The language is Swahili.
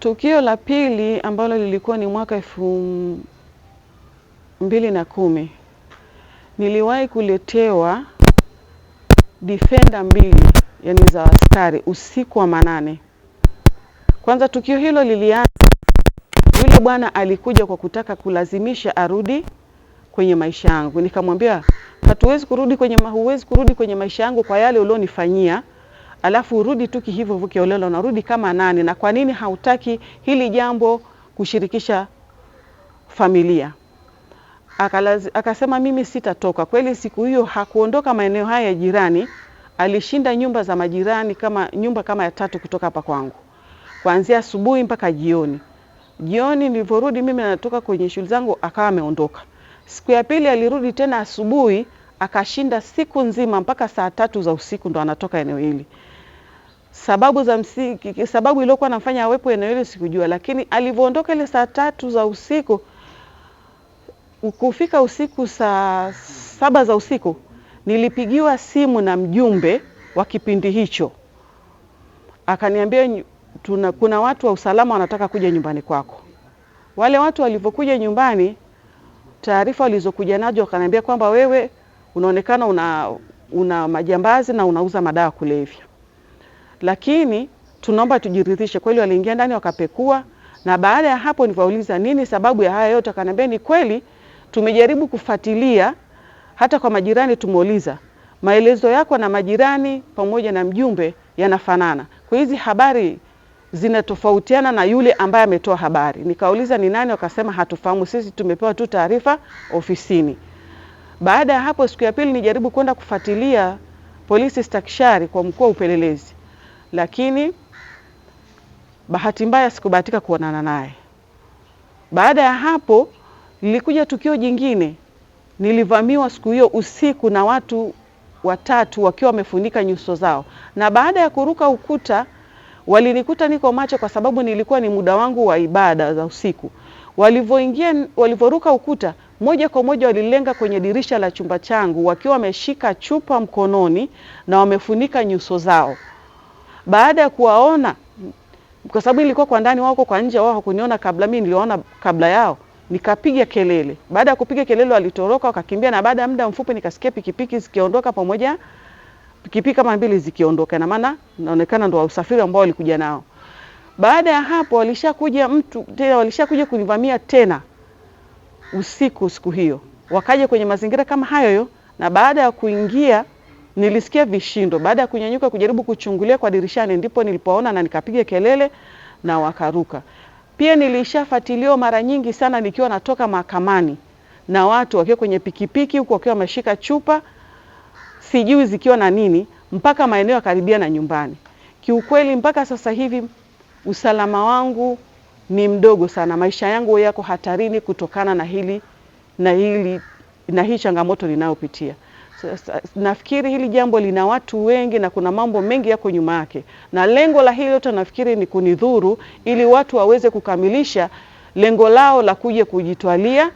Tukio la pili ambalo lilikuwa ni mwaka elfu mbili na kumi niliwahi kuletewa defender mbili yani za askari usiku wa manane. Kwanza tukio hilo lilianza, yule bwana alikuja kwa kutaka kulazimisha arudi kwenye maisha yangu. Nikamwambia hatuwezi kurudi kwenye, huwezi kurudi kwenye maisha yangu kwa yale ulionifanyia alafu urudi tu hivyo hivyo kiholela, unarudi kama nani? Na kwa nini hautaki hili jambo kushirikisha familia? Akalazi, akasema mimi sitatoka. Kweli siku hiyo hakuondoka maeneo haya ya jirani, alishinda nyumba za majirani kama nyumba kama ya tatu kutoka hapa kwangu, kuanzia asubuhi mpaka jioni. Jioni nilivyorudi mimi natoka kwenye shughuli zangu, akawa ameondoka. Siku ya pili alirudi tena asubuhi, akashinda siku nzima mpaka saa tatu za usiku ndo anatoka eneo hili. Sababu za msingi, sababu iliyokuwa nafanya awepo eneo hilo sikujua, lakini alivyoondoka ile saa tatu za usiku kufika usiku saa saba za usiku nilipigiwa simu na mjumbe wa kipindi hicho, akaniambia tuna, kuna watu wa usalama wanataka kuja nyumbani kwako. Wale watu walivyokuja nyumbani, taarifa walizokuja nazo wakaniambia kwamba wewe unaonekana una, una majambazi na unauza madawa kulevya lakini tunaomba tujiridhishe kweli waliingia ndani wakapekua. Na baada ya hapo niliwauliza nini sababu ya haya yote, akaniambia ni kweli tumejaribu kufuatilia hata kwa majirani, tumeuliza maelezo yako na majirani pamoja na mjumbe yanafanana, kwa hizi habari zinatofautiana na yule ambaye ametoa habari. Nikauliza ni nani, wakasema hatufahamu, sisi tumepewa tu taarifa ofisini. Baada ya hapo, siku ya pili nijaribu kwenda kufuatilia polisi Stakishari kwa mkuu wa upelelezi lakini bahati mbaya sikubahatika kuonana naye. Baada ya hapo lilikuja tukio jingine. Nilivamiwa siku hiyo usiku na watu watatu wakiwa wamefunika nyuso zao, na baada ya kuruka ukuta walinikuta niko macho, kwa sababu nilikuwa ni muda wangu wa ibada za usiku. Walivyoingia, walivyoruka ukuta, moja kwa moja walilenga kwenye dirisha la chumba changu wakiwa wameshika chupa mkononi na wamefunika nyuso zao baada ya kuwaona, kwa sababu ilikuwa kwa ndani, wako kwa nje, wao hakuniona kabla, mimi niliona kabla yao, nikapiga kelele. Baada ya kupiga kelele, walitoroka wakakimbia, na baada ya muda mfupi nikasikia pikipiki zikiondoka pamoja, pikipiki kama mbili zikiondoka, na maana inaonekana ndo usafiri ambao walikuja nao. Baada ya hapo, walishakuja mtu tena, walishakuja kunivamia tena usiku siku hiyo, wakaja kwenye mazingira kama hayo, na baada ya kuingia nilisikia vishindo. Baada ya kunyanyuka kujaribu kuchungulia kwa dirishani, ndipo nilipoona na nikapiga kelele na wakaruka. Pia nilishafuatiliwa mara nyingi sana nikiwa natoka mahakamani na watu wakiwa kwenye pikipiki huku wakiwa wameshika chupa sijui zikiwa na nini, mpaka maeneo ya karibia na nyumbani. Kiukweli mpaka sasa hivi usalama wangu ni mdogo sana, maisha yangu yako hatarini kutokana na hili na hili na hii changamoto ninayopitia nafikiri hili jambo lina watu wengi na kuna mambo mengi yako nyuma yake, na lengo la hili yote nafikiri ni kunidhuru, ili watu waweze kukamilisha lengo lao la kuja kujitwalia